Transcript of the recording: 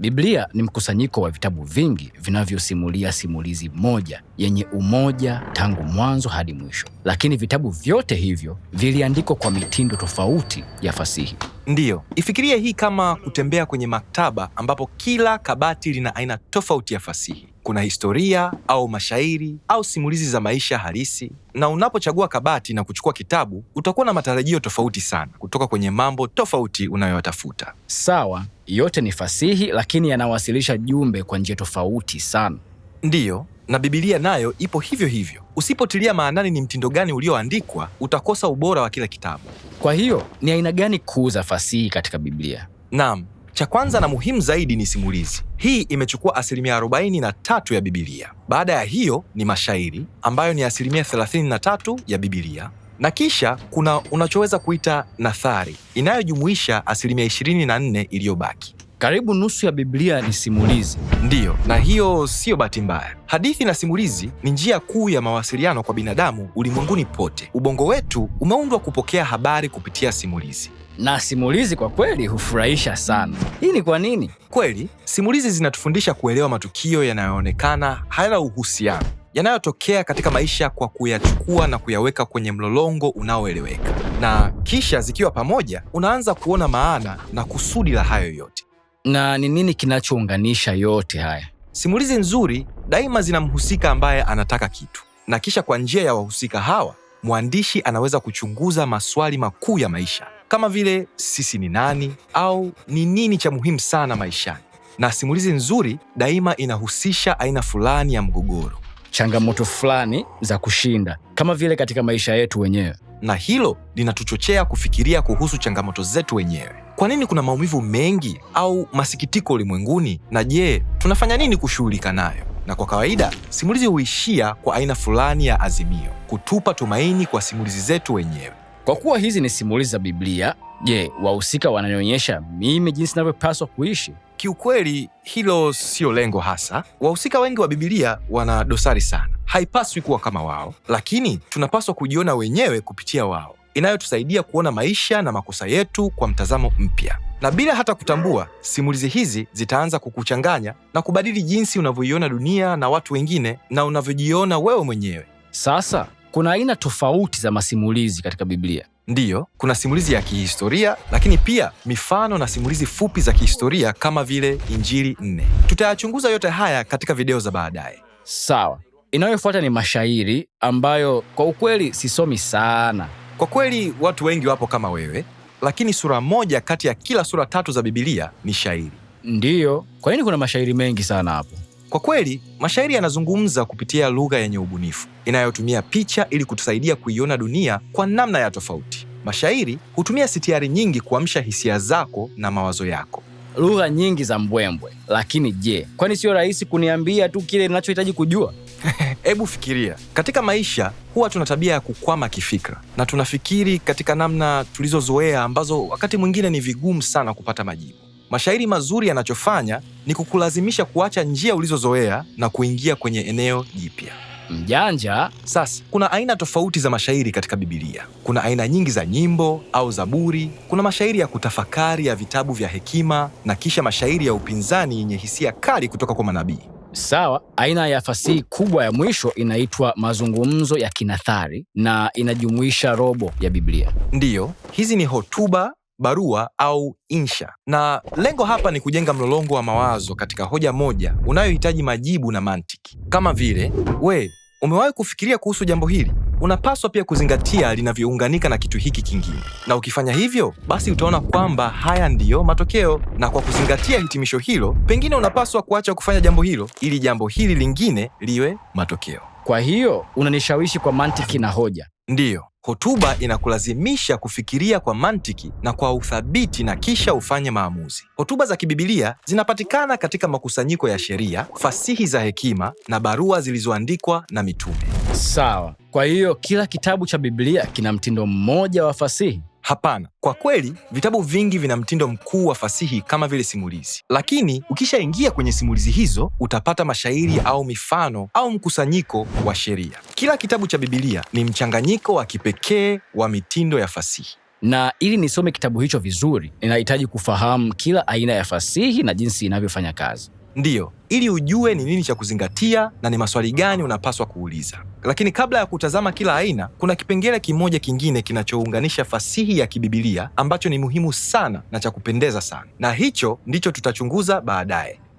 Biblia ni mkusanyiko wa vitabu vingi vinavyosimulia simulizi moja yenye umoja tangu mwanzo hadi mwisho, lakini vitabu vyote hivyo viliandikwa kwa mitindo tofauti ya fasihi. Ndiyo, ifikirie hii kama kutembea kwenye maktaba ambapo kila kabati lina aina tofauti ya fasihi kuna historia au mashairi au simulizi za maisha halisi, na unapochagua kabati na kuchukua kitabu utakuwa na matarajio tofauti sana kutoka kwenye mambo tofauti unayoyatafuta. Sawa, yote ni fasihi, lakini yanawasilisha jumbe kwa njia tofauti sana. Ndiyo, na Bibilia nayo ipo hivyo hivyo. Usipotilia maanani ni mtindo gani ulioandikwa, utakosa ubora wa kila kitabu. Kwa hiyo ni aina gani kuu za fasihi katika Biblia? Naam, cha kwanza na muhimu zaidi ni simulizi. Hii imechukua asilimia 43 ya Bibilia. Baada ya hiyo ni mashairi ambayo ni asilimia 33 ya Bibilia, na kisha kuna unachoweza kuita nathari inayojumuisha asilimia 24 iliyobaki. Karibu nusu ya Biblia ni simulizi. Ndiyo, na hiyo siyo bahati mbaya. Hadithi na simulizi ni njia kuu ya mawasiliano kwa binadamu ulimwenguni pote. Ubongo wetu umeundwa kupokea habari kupitia simulizi na simulizi kwa kweli hufurahisha sana. Hii ni kwa nini? Kweli simulizi zinatufundisha kuelewa matukio yanayoonekana hayana uhusiano, yanayotokea katika maisha kwa kuyachukua na kuyaweka kwenye mlolongo unaoeleweka, na kisha zikiwa pamoja, unaanza kuona maana na kusudi la hayo yote. Na ni nini kinachounganisha yote haya? Simulizi nzuri daima zina mhusika ambaye anataka kitu, na kisha kwa njia ya wahusika hawa mwandishi anaweza kuchunguza maswali makuu ya maisha kama vile sisi ni nani au ni nini cha muhimu sana maishani, na simulizi nzuri daima inahusisha aina fulani ya mgogoro, changamoto fulani za kushinda, kama vile katika maisha yetu wenyewe, na hilo linatuchochea kufikiria kuhusu changamoto zetu wenyewe. Kwa nini kuna maumivu mengi au masikitiko ulimwenguni, na je, tunafanya nini kushughulika nayo? Na kwa kawaida simulizi huishia kwa aina fulani ya azimio, kutupa tumaini kwa simulizi zetu wenyewe. Kwa kuwa hizi ni simulizi za Biblia, je, wahusika wananionyesha mimi jinsi ninavyopaswa kuishi? Kiukweli hilo siyo lengo hasa. Wahusika wengi wa Biblia wana dosari sana, haipaswi kuwa kama wao, lakini tunapaswa kujiona wenyewe kupitia wao, inayotusaidia kuona maisha na makosa yetu kwa mtazamo mpya. Na bila hata kutambua, simulizi hizi zitaanza kukuchanganya na kubadili jinsi unavyoiona dunia na watu wengine na unavyojiona wewe mwenyewe. Sasa kuna aina tofauti za masimulizi katika Biblia. Ndiyo, kuna simulizi ya kihistoria lakini pia mifano na simulizi fupi za kihistoria kama vile Injili nne. Tutayachunguza yote haya katika video za baadaye. Sawa, inayofuata ni mashairi ambayo kwa ukweli sisomi sana. Kwa kweli watu wengi wapo kama wewe, lakini sura moja kati ya kila sura tatu za Biblia ni shairi. Ndiyo, kwa nini kuna mashairi mengi sana hapo? Kwa kweli, mashairi yanazungumza kupitia lugha yenye ubunifu inayotumia picha ili kutusaidia kuiona dunia kwa namna ya tofauti. Mashairi hutumia sitiari nyingi kuamsha hisia zako na mawazo yako. Lugha nyingi za mbwembwe, lakini je, kwani sio rahisi kuniambia tu kile ninachohitaji kujua? Hebu fikiria, katika maisha huwa tuna tabia ya kukwama kifikra na tunafikiri katika namna tulizozoea ambazo wakati mwingine ni vigumu sana kupata majibu. Mashairi mazuri yanachofanya ni kukulazimisha kuacha njia ulizozoea na kuingia kwenye eneo jipya. Mjanja. Sasa kuna aina tofauti za mashairi katika bibilia Kuna aina nyingi za nyimbo au zaburi, kuna mashairi ya kutafakari ya vitabu vya hekima, na kisha mashairi ya upinzani yenye hisia kali kutoka kwa manabii. Sawa. Aina ya fasihi kubwa ya mwisho inaitwa mazungumzo ya kinathari na inajumuisha robo ya Biblia. Ndiyo, hizi ni hotuba barua au insha, na lengo hapa ni kujenga mlolongo wa mawazo katika hoja moja unayohitaji majibu na mantiki, kama vile we, umewahi kufikiria kuhusu jambo hili? Unapaswa pia kuzingatia linavyounganika na kitu hiki kingine, na ukifanya hivyo basi utaona kwamba haya ndiyo matokeo. Na kwa kuzingatia hitimisho hilo, pengine unapaswa kuacha kufanya jambo hilo ili jambo hili lingine liwe matokeo. Kwa hiyo unanishawishi kwa mantiki na hoja, Ndiyo, hotuba inakulazimisha kufikiria kwa mantiki na kwa uthabiti na kisha ufanye maamuzi. Hotuba za kibibilia zinapatikana katika makusanyiko ya sheria, fasihi za hekima na barua zilizoandikwa na mitume. Sawa, kwa hiyo kila kitabu cha Biblia kina mtindo mmoja wa fasihi? Hapana, kwa kweli vitabu vingi vina mtindo mkuu wa fasihi kama vile simulizi, lakini ukishaingia kwenye simulizi hizo utapata mashairi au mifano au mkusanyiko wa sheria. Kila kitabu cha Biblia ni mchanganyiko wa kipekee wa mitindo ya fasihi na ili nisome kitabu hicho vizuri, ninahitaji kufahamu kila aina ya fasihi na jinsi inavyofanya kazi. Ndiyo, ili ujue ni nini cha kuzingatia na ni maswali gani unapaswa kuuliza. Lakini kabla ya kutazama kila aina, kuna kipengele kimoja kingine kinachounganisha fasihi ya kibibilia ambacho ni muhimu sana na cha kupendeza sana, na hicho ndicho tutachunguza baadaye.